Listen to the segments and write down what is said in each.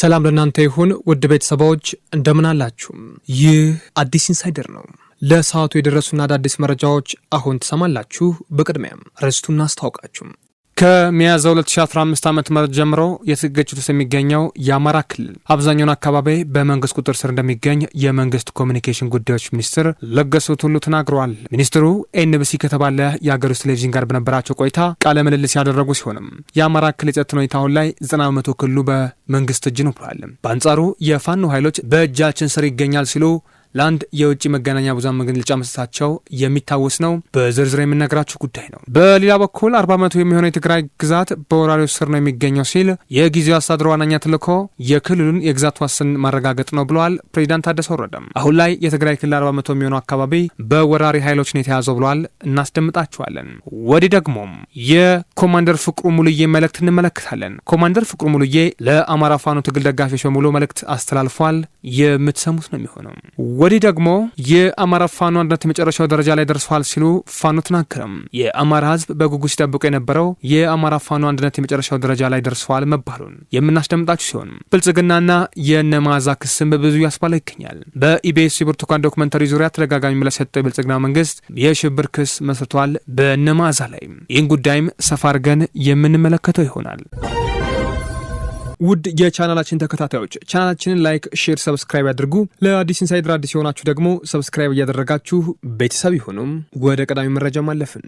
ሰላም ለእናንተ ይሁን ውድ ቤተሰባዎች እንደምናላችሁ። ይህ አዲስ ኢንሳይደር ነው። ለሰዓቱ የደረሱና አዳዲስ መረጃዎች አሁን ትሰማላችሁ። በቅድሚያም ርዕስቱን እናስታውቃችሁ። ከሚያዝያ 2015 ዓ.ም ጀምሮ የግጭት ውስጥ የሚገኘው የአማራ ክልል አብዛኛውን አካባቢ በመንግስት ቁጥር ስር እንደሚገኝ የመንግስት ኮሚኒኬሽን ጉዳዮች ሚኒስትር ለገሰ ቱሉ ተናግረዋል። ሚኒስትሩ ኤንቢሲ ከተባለ የአገር ውስጥ ቴሌቪዥን ጋር በነበራቸው ቆይታ ቃለ ምልልስ ያደረጉ ሲሆንም የአማራ ክልል የጸጥታ ሁኔታ አሁን ላይ 90 በመቶ ክልሉ በመንግስት እጅ ነው ብሏል። በአንጻሩ የፋኖ ኃይሎች በእጃችን ስር ይገኛል ሲሉ ለአንድ የውጭ መገናኛ ብዙሃን መግለጫ መስጠታቸው የሚታወስ ነው። በዝርዝር የምነግራችሁ ጉዳይ ነው። በሌላ በኩል አርባ መቶ የሚሆነው የትግራይ ግዛት በወራሪው ስር ነው የሚገኘው ሲል የጊዜው አስተዳደር ዋነኛ ትልኮ የክልሉን የግዛት ዋስን ማረጋገጥ ነው ብለዋል ፕሬዚዳንት ታደሰ ወረደም። አሁን ላይ የትግራይ ክልል አርባ መቶ የሚሆነው አካባቢ በወራሪ ኃይሎች ነው የተያዘው ብለዋል። እናስደምጣችኋለን። ወዲህ ደግሞ የኮማንደር ፍቅሩ ሙሉዬ መልእክት እንመለከታለን። ኮማንደር ፍቅሩ ሙሉዬ ለአማራ ፋኖ ትግል ደጋፊዎች በሙሉ መልእክት አስተላልፏል። የምትሰሙት ነው የሚሆነው ወዲህ ደግሞ የአማራ ፋኖ አንድነት የመጨረሻው ደረጃ ላይ ደርሷል ሲሉ ፋኖ ተናገረም። የአማራ ህዝብ በጉጉት ሲጠብቁ የነበረው የአማራ ፋኖ አንድነት የመጨረሻው ደረጃ ላይ ደርሷል መባሉን የምናስደምጣችሁ ሲሆን ብልጽግናና የነማዛ ክስም በብዙ ያስባላ ይገኛል። በኢቢኤስ የብርቱካን ዶክመንተሪ ዙሪያ ተደጋጋሚ ምላሽ የሰጠው የብልጽግና መንግስት የሽብር ክስ መስርቷል በነማዛ ላይ። ይህን ጉዳይም ሰፋ አድርገን የምንመለከተው ይሆናል። ውድ የቻናላችን ተከታታዮች ቻናላችንን ላይክ፣ ሼር፣ ሰብስክራይብ ያድርጉ። ለአዲስ ኢንሳይደር አዲስ የሆናችሁ ደግሞ ሰብስክራይብ እያደረጋችሁ ቤተሰብ ይሁኑም። ወደ ቀዳሚ መረጃ ማለፍን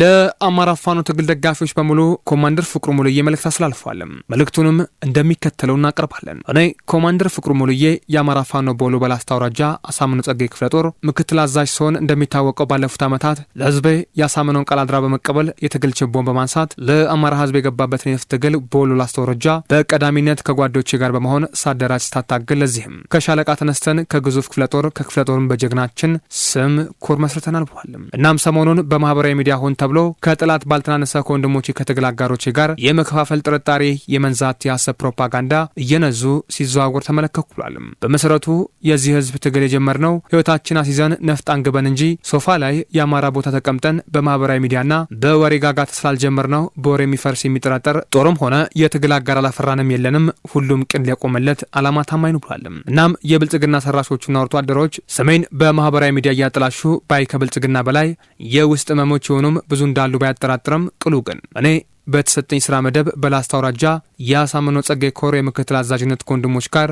ለአማራ ፋኖ ትግል ደጋፊዎች በሙሉ ኮማንደር ፍቅሩ ሙሉዬ መልእክት አስተላልፏል። መልእክቱንም እንደሚከተለው እናቀርባለን። እኔ ኮማንደር ፍቅሩ ሙሉዬ የአማራ ፋኖ በወሎ በላስታ አውራጃ አሳምነው ጸጋዬ ክፍለ ጦር ምክትል አዛዥ ሲሆን እንደሚታወቀው ባለፉት ዓመታት ለህዝቤ የአሳምነውን ቃል አድራ በመቀበል የትግል ችቦን በማንሳት ለአማራ ህዝብ የገባበትን የነፍስ ትግል በወሎ ላስታ አውራጃ በቀዳሚነት ከጓዶቼ ጋር በመሆን ሳደራጅ ስታታግል፣ ለዚህም ከሻለቃ ተነስተን ከግዙፍ ክፍለ ጦር ከክፍለ ጦርን በጀግናችን ስም ኮር መስርተናል ብሏል። እናም ሰሞኑን በማህበራዊ ሚዲያ ሆን ተብሎ ከጠላት ባልተናነሰ ከወንድሞቼ ከትግል አጋሮቼ ጋር የመከፋፈል ጥርጣሬ፣ የመንዛት የሀሰብ ፕሮፓጋንዳ እየነዙ ሲዘዋወር ተመለከትኩ ብሏልም። በመሰረቱ የዚህ ህዝብ ትግል የጀመርነው ህይወታችን አስይዘን ነፍጥ አንግበን እንጂ ሶፋ ላይ የአማራ ቦታ ተቀምጠን በማህበራዊ ሚዲያና በወሬ ጋጋታ ስላልጀመርነው በወሬ የሚፈርስ የሚጠራጠር ጦርም ሆነ የትግል አጋር አላፈራንም የለንም። ሁሉም ቅን ሊያቆመለት አላማ ታማኝ ነው ብሏልም። እናም የብልጽግና ሰራሾቹና አርሶ አደሮች ሰሜን በማህበራዊ ሚዲያ እያጠላሹ ባይ ከብልጽግና በላይ የውስጥ ህመሞች የሆኑም ብዙ እንዳሉ ባያጠራጥርም ቅሉ ግን እኔ በተሰጠኝ ስራ መደብ በላስታ አውራጃ የአሳምነው ጸጋዬ ኮር የምክትል አዛዥነት ከወንድሞች ጋር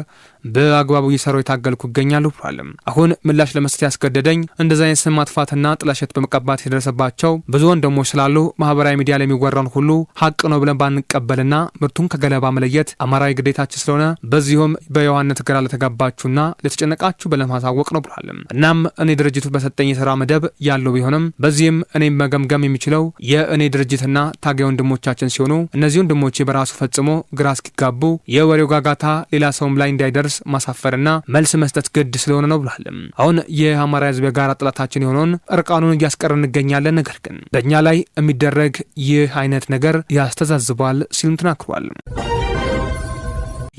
በአግባቡ እየሰራው የታገልኩ ይገኛሉ ብሏል። አሁን ምላሽ ለመስጠት ያስገደደኝ እንደዚ አይነት ስም ማጥፋትና ጥላሸት በመቀባት የደረሰባቸው ብዙ ወንድሞች ስላሉ ማህበራዊ ሚዲያ ላይ የሚወራውን ሁሉ ሀቅ ነው ብለን ባንቀበልና ምርቱን ከገለባ መለየት አማራዊ ግዴታችን ስለሆነ በዚሁም በየዋህነት ግራ ለተጋባችሁና ለተጨነቃችሁ ብለን ማሳወቅ ነው ብሏል። እናም እኔ ድርጅቱ በሰጠኝ የስራ መደብ ያለው ቢሆንም በዚህም እኔ መገምገም የሚችለው የእኔ ድርጅትና ታጋይ ወንድሞቻችን ሲሆኑ እነዚህ ወንድሞቼ በራሱ ፈጽሞ ግራ እስኪጋቡ የወሬው ጋጋታ ሌላ ሰውም ላይ እንዳይደርስ መደርስ ማሳፈርና መልስ መስጠት ግድ ስለሆነ ነው ብሏል። አሁን የአማራ ህዝብ የጋራ ጥላታችን የሆነውን እርቃኑን እያስቀር እንገኛለን። ነገር ግን በእኛ ላይ የሚደረግ ይህ አይነት ነገር ያስተዛዝባል ሲሉም ተናግሯል።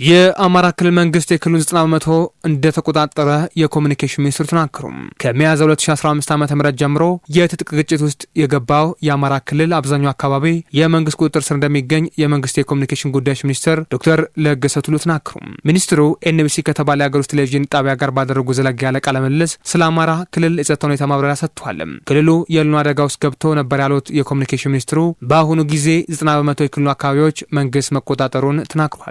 የአማራ ክልል መንግስት የክልሉን 90 በመቶ እንደተቆጣጠረ የኮሚኒኬሽን ሚኒስትሩ ተናገሩ። ከሚያዝያ 2015 ዓ ም ጀምሮ የትጥቅ ግጭት ውስጥ የገባው የአማራ ክልል አብዛኛው አካባቢ የመንግስት ቁጥጥር ስር እንደሚገኝ የመንግስት የኮሚኒኬሽን ጉዳዮች ሚኒስትር ዶክተር ለገሰ ቱሉ ተናገሩ። ሚኒስትሩ ኤንቢሲ ከተባለ የአገር ውስጥ ቴሌቪዥን ጣቢያ ጋር ባደረጉ ዘለግ ያለ ቃለ ምልልስ ስለ አማራ ክልል የጸጥታ ሁኔታ ማብራሪያ ሰጥቷል። ክልሉ የህልውና አደጋ ውስጥ ገብቶ ነበር ያሉት የኮሚኒኬሽን ሚኒስትሩ በአሁኑ ጊዜ 90 በመቶ የክልሉ አካባቢዎች መንግስት መቆጣጠሩን ተናግሯል።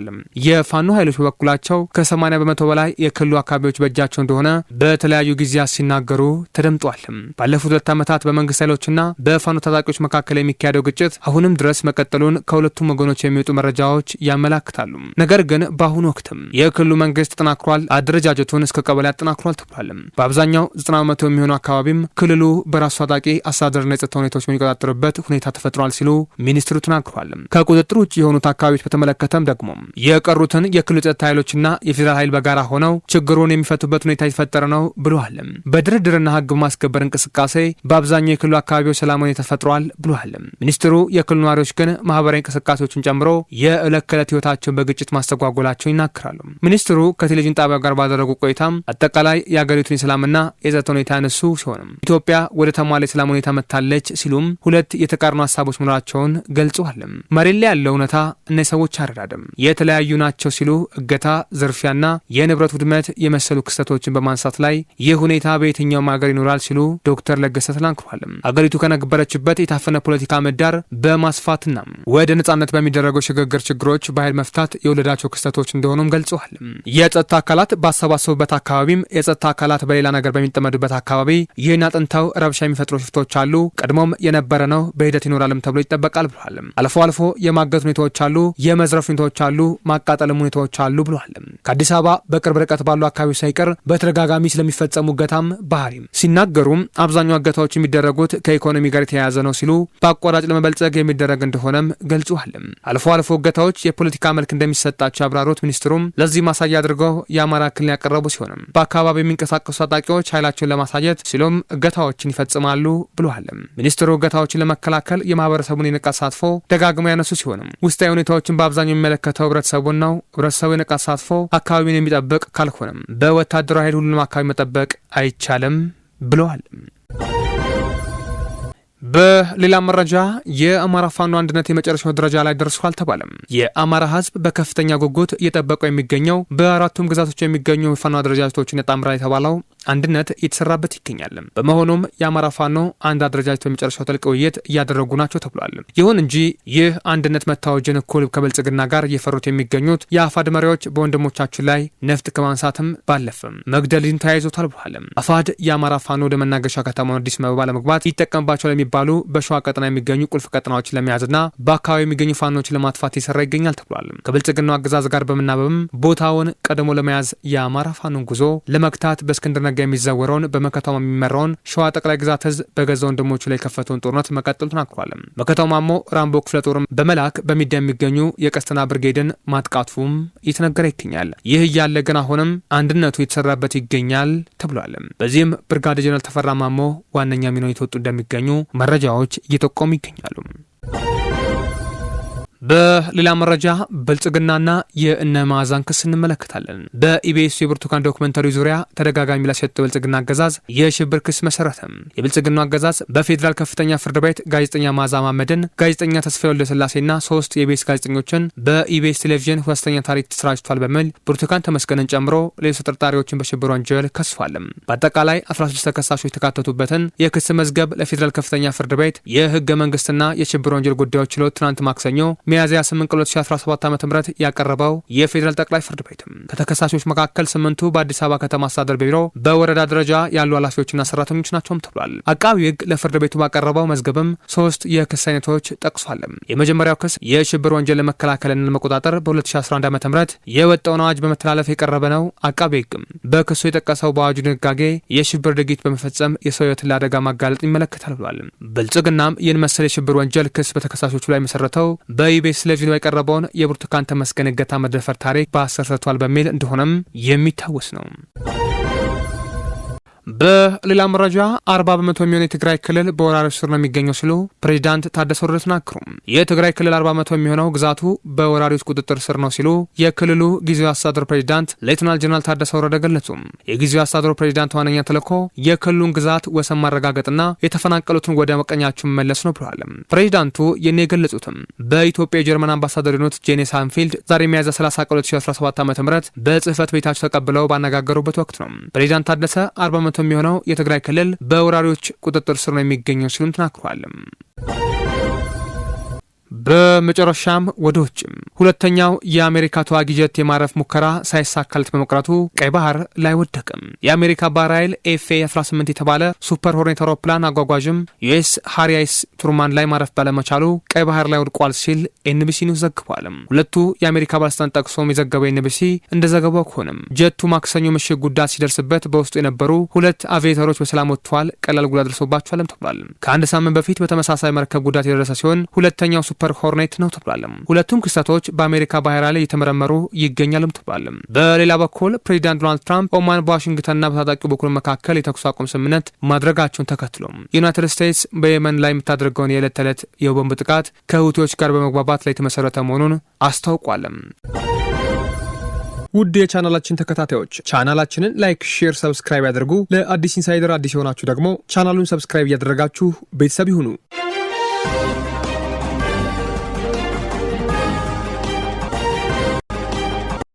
የፋኖ ኃይሎች በበኩላቸው ከ80 በመቶ በላይ የክልሉ አካባቢዎች በእጃቸው እንደሆነ በተለያዩ ጊዜያት ሲናገሩ ተደምጧል። ባለፉት ሁለት ዓመታት በመንግስት ኃይሎችና በፋኖ ታጣቂዎች መካከል የሚካሄደው ግጭት አሁንም ድረስ መቀጠሉን ከሁለቱም ወገኖች የሚወጡ መረጃዎች ያመላክታሉ። ነገር ግን በአሁኑ ወቅትም የክልሉ መንግስት ተጠናክሯል፣ አደረጃጀቱን እስከ ቀበሌ አጠናክሯል ተብሏል። በአብዛኛው 90 በመቶ የሚሆኑ አካባቢም ክልሉ በራሱ ታጣቂ አስተዳደርና የጸጥታ ሁኔታዎች የሚቆጣጠርበት ሁኔታ ተፈጥሯል ሲሉ ሚኒስትሩ ተናግሯል። ከቁጥጥር ውጭ የሆኑት አካባቢዎች በተመለከተም ደግሞ የቀሩትን የክልሉ ጸጥታ ኃይሎችና የፌዴራል ኃይል በጋራ ሆነው ችግሩን የሚፈቱበት ሁኔታ የተፈጠረ ነው ብለዋል። በድርድርና ህግ በማስከበር እንቅስቃሴ በአብዛኛው የክልሉ አካባቢዎች ሰላም ሁኔታ ተፈጥሯል ብለዋል። ሚኒስትሩ የክልሉ ነዋሪዎች ግን ማህበራዊ እንቅስቃሴዎችን ጨምሮ የዕለት ከዕለት ህይወታቸውን በግጭት ማስተጓጎላቸውን ይናገራሉ። ሚኒስትሩ ከቴሌቪዥን ጣቢያው ጋር ባደረጉ ቆይታም አጠቃላይ የአገሪቱን የሰላምና የጸጥታ ሁኔታ ያነሱ ሲሆንም ኢትዮጵያ ወደ ተሟላ የሰላም ሁኔታ መጥታለች ሲሉም ሁለት የተቃርኖ ሀሳቦች መኖራቸውን ገልጸዋል። መሬት ላይ ያለው እውነታ እነዚህ ሰዎች አረዳድም የተለያዩ ናቸው ናቸው ሲሉ እገታ፣ ዝርፊያና የንብረት ውድመት የመሰሉ ክስተቶችን በማንሳት ላይ ይህ ሁኔታ በየትኛውም አገር ይኖራል ሲሉ ዶክተር ለገሰ ተናግረዋል። አገሪቱ ከነበረችበት የታፈነ ፖለቲካ ምህዳር በማስፋትና ወደ ነጻነት በሚደረገው ሽግግር ችግሮች በኃይል መፍታት የወለዳቸው ክስተቶች እንደሆኑም ገልጸዋል። የጸጥታ አካላት ባሰባሰቡበት አካባቢም የጸጥታ አካላት በሌላ ነገር በሚጠመዱበት አካባቢ ይህን አጥንተው ረብሻ የሚፈጥሩ ሽፍቶች አሉ። ቀድሞም የነበረ ነው፣ በሂደት ይኖራልም ተብሎ ይጠበቃል ብሏል። አልፎ አልፎ የማገት ሁኔታዎች አሉ፣ የመዝረፍ ሁኔታዎች አሉ፣ ማቃጠልም የሚፈጸሙ ሁኔታዎች አሉ ብሏል። ከአዲስ አበባ በቅርብ ርቀት ባሉ አካባቢዎች ሳይቀር በተደጋጋሚ ስለሚፈጸሙ እገታም ባህሪም ሲናገሩም አብዛኛው እገታዎች የሚደረጉት ከኢኮኖሚ ጋር የተያያዘ ነው ሲሉ በአቋራጭ ለመበልጸግ የሚደረግ እንደሆነም ገልጸዋል። አልፎ አልፎ እገታዎች የፖለቲካ መልክ እንደሚሰጣቸው አብራሮት ሚኒስትሩም ለዚህ ማሳያ አድርገው የአማራ ክልል ያቀረቡ ሲሆንም በአካባቢ የሚንቀሳቀሱ ታጣቂዎች ኃይላቸውን ለማሳየት ሲሉም እገታዎችን ይፈጽማሉ ብለዋል። ሚኒስትሩ እገታዎችን ለመከላከል የማህበረሰቡን የንቃት ተሳትፎ ደጋግመው ያነሱ ሲሆንም ውስጣዊ ሁኔታዎችን በአብዛኛው የሚመለከተው ህብረተሰቡን ነው ህብረተሰቡ የነቃ ተሳትፎ አካባቢውን የሚጠብቅ ካልሆነም በወታደራዊ ኃይል ሁሉንም አካባቢ መጠበቅ አይቻልም ብለዋል። በሌላ መረጃ የአማራ ፋኖ አንድነት የመጨረሻው ደረጃ ላይ ደርሶ አልተባለም። የአማራ ህዝብ በከፍተኛ ጉጉት እየጠበቀው የሚገኘው በአራቱም ግዛቶች የሚገኙ የፋኖ አደረጃጀቶችን የጣምራ የተባለው አንድነት እየተሰራበት ይገኛል። በመሆኑም የአማራ ፋኖ አንድ አደረጃጀት በመጨረሻው ጥልቅ ውይይት እያደረጉ ናቸው ተብሏል። ይሁን እንጂ ይህ አንድነት መታወጅን እኩል ከብልጽግና ጋር እየፈሩት የሚገኙት የአፋድ መሪዎች በወንድሞቻችን ላይ ነፍጥ ከማንሳትም ባለፍም መግደልን ተያይዞታል ብሏል። አፋድ የአማራ ፋኖ መናገሻ ከተማውን አዲስ አበባ ለመግባት ይጠቀምባቸው ለሚባሉ በሸዋ ቀጠና የሚገኙ ቁልፍ ቀጠናዎችን ለመያዝና በአካባቢ የሚገኙ ፋኖችን ለማጥፋት እየሰራ ይገኛል ተብሏል። ከብልጽግናው አገዛዝ ጋር በመናበብም ቦታውን ቀድሞ ለመያዝ የአማራ ፋኖን ጉዞ ለመግታት በእስክንድር ሰርጋ የሚዘወረውን በመከታው የሚመራውን ሸዋ ጠቅላይ ግዛት ህዝብ በገዛ ወንድሞቹ ላይ የከፈተውን ጦርነት መቀጠሉ ተናግሯል። መከታው ማሞ ራምቦ ክፍለ ጦርም በመላክ በሚዲያ የሚገኙ የቀስተና ብርጌድን ማጥቃቱም እየተነገረ ይገኛል። ይህ እያለ ግን አሁንም አንድነቱ የተሰራበት ይገኛል ተብሏል። በዚህም ብርጋዴ ጀነራል ተፈራ ማሞ ዋነኛ ሚናውን የተወጡ እንደሚገኙ መረጃዎች እየጠቆሙ ይገኛሉ። በሌላ መረጃ ብልጽግናና የእነ መዓዛን ክስ እንመለከታለን። በኢቢኤስ የብርቱካን ዶክመንተሪ ዙሪያ ተደጋጋሚ ምላሽ ብልጽግና አገዛዝ የሽብር ክስ መሰረተም። የብልጽግና አገዛዝ በፌዴራል ከፍተኛ ፍርድ ቤት ጋዜጠኛ መዓዛ ማመድን፣ ጋዜጠኛ ተስፋዬ ወልደስላሴና ሶስት የኢቢኤስ ጋዜጠኞችን በኢቢኤስ ቴሌቪዥን ሁለተኛ ታሪክ ተሰራጭቷል በሚል ብርቱካን ተመስገንን ጨምሮ ሌሎች ተጠርጣሪዎችን በሽብር ወንጀል ከሷልም። በአጠቃላይ 16 ተከሳሾች የተካተቱበትን የክስ መዝገብ ለፌዴራል ከፍተኛ ፍርድ ቤት የህገ መንግስትና የሽብር ወንጀል ጉዳዮች ችሎት ትናንት ማክሰኞ ሚያዝያ 8 ቀን 2017 ዓ ም ያቀረበው የፌዴራል ጠቅላይ ፍርድ ቤትም ከተከሳሾች መካከል ስምንቱ በአዲስ አበባ ከተማ አስተዳደር ቢሮ በወረዳ ደረጃ ያሉ ኃላፊዎችና ሰራተኞች ናቸውም ተብሏል። አቃቢ ህግ ለፍርድ ቤቱ ባቀረበው መዝገብም ሶስት የክስ አይነቶች ጠቅሷል። የመጀመሪያው ክስ የሽብር ወንጀል ለመከላከልና ለመቆጣጠር በ2011 ዓ ም የወጣውን አዋጅ በመተላለፍ የቀረበ ነው። አቃቢ ህግም በክሱ የጠቀሰው በአዋጁ ድንጋጌ የሽብር ድርጊት በመፈጸም የሰው ሕይወትን ለአደጋ ማጋለጥ ይመለከታል ብሏል። ብልጽግናም ይህን መሰል የሽብር ወንጀል ክስ በተከሳሾቹ ላይ መሰረተው በ በኢቢኤስ ቴሌቪዥን የቀረበውን የብርቱካን ተመስገን እገታ መደፈር ታሪክ በአሰርሰቷል በሚል እንደሆነም የሚታወስ ነው። በሌላ መረጃ አርባ በመቶ የሚሆን የትግራይ ክልል በወራሪዎች ስር ነው የሚገኘው ሲሉ ፕሬዚዳንት ታደሰ ወረደ ተናገሩ። የትግራይ ክልል አርባ በመቶ የሚሆነው ግዛቱ በወራሪዎች ቁጥጥር ስር ነው ሲሉ የክልሉ ጊዜያዊ አስተዳደሩ ፕሬዚዳንት ሌትናል ጀነራል ታደሰ ወረደ ገለጹ። የጊዜያዊ አስተዳደሩ ፕሬዚዳንት ዋነኛ ተልዕኮ የክልሉን ግዛት ወሰን ማረጋገጥና የተፈናቀሉትን ወደ መቀኛቸው መመለስ ነው ብለዋል። ፕሬዚዳንቱ ይህን የገለጹትም በኢትዮጵያ የጀርመን አምባሳደር የሆኑት ጄኔ ሳንፊልድ ዛሬ ሚያዝያ 30 ቀን 2017 ዓ ም በጽህፈት ቤታቸው ተቀብለው ባነጋገሩበት ወቅት ነው። ፕሬዚዳንት ታደሰ አርባ የሚሆነው የትግራይ ክልል በወራሪዎች ቁጥጥር ስር ነው የሚገኘው ሲሉም ተናግረዋል። በመጨረሻም ወደ ውጭም ሁለተኛው የአሜሪካ ተዋጊ ጀት የማረፍ ሙከራ ሳይሳካለት በመቅረቱ ቀይ ባህር ላይ ወደቅም። የአሜሪካ ባህር ኃይል ኤፍኤ 18 የተባለ ሱፐር ሆርኔት አውሮፕላን አጓጓዥም ዩኤስ ሃሪያይስ ቱርማን ላይ ማረፍ ባለመቻሉ ቀይ ባህር ላይ ወድቋል ሲል ኤንቢሲ ኒውስ ዘግቧልም። ሁለቱ የአሜሪካ ባለስልጣን ጠቅሶም የዘገበው ኤንቢሲ እንደ ዘገበው ከሆነም ጀቱ ማክሰኞ ምሽግ ጉዳት ሲደርስበት በውስጡ የነበሩ ሁለት አቪዬተሮች በሰላም ወጥተዋል፣ ቀላል ጉዳት ደርሶባቸዋልም ተብሏል። ከአንድ ሳምንት በፊት በተመሳሳይ መርከብ ጉዳት የደረሰ ሲሆን ሁለተኛው ሱፐር ሆርኔት ነው ተብሏልም። ሁለቱም ክስተቶች በአሜሪካ ባህራ ላይ እየተመረመሩ ይገኛልም ተብሏልም። በሌላ በኩል ፕሬዚዳንት ዶናልድ ትራምፕ ኦማን በዋሽንግተንና በታጣቂ በኩል መካከል የተኩስ አቁም ስምምነት ማድረጋቸውን ተከትሎ ዩናይትድ ስቴትስ በየመን ላይ የምታደርገውን የዕለት ተዕለት የቦምብ ጥቃት ከሁቲዎች ጋር በመግባባት ላይ የተመሰረተ መሆኑን አስታውቋልም። ውድ የቻናላችን ተከታታዮች ቻናላችንን ላይክ፣ ሼር፣ ሰብስክራይብ ያድርጉ። ለአዲስ ኢንሳይደር አዲስ የሆናችሁ ደግሞ ቻናሉን ሰብስክራይብ እያደረጋችሁ ቤተሰብ ይሁኑ።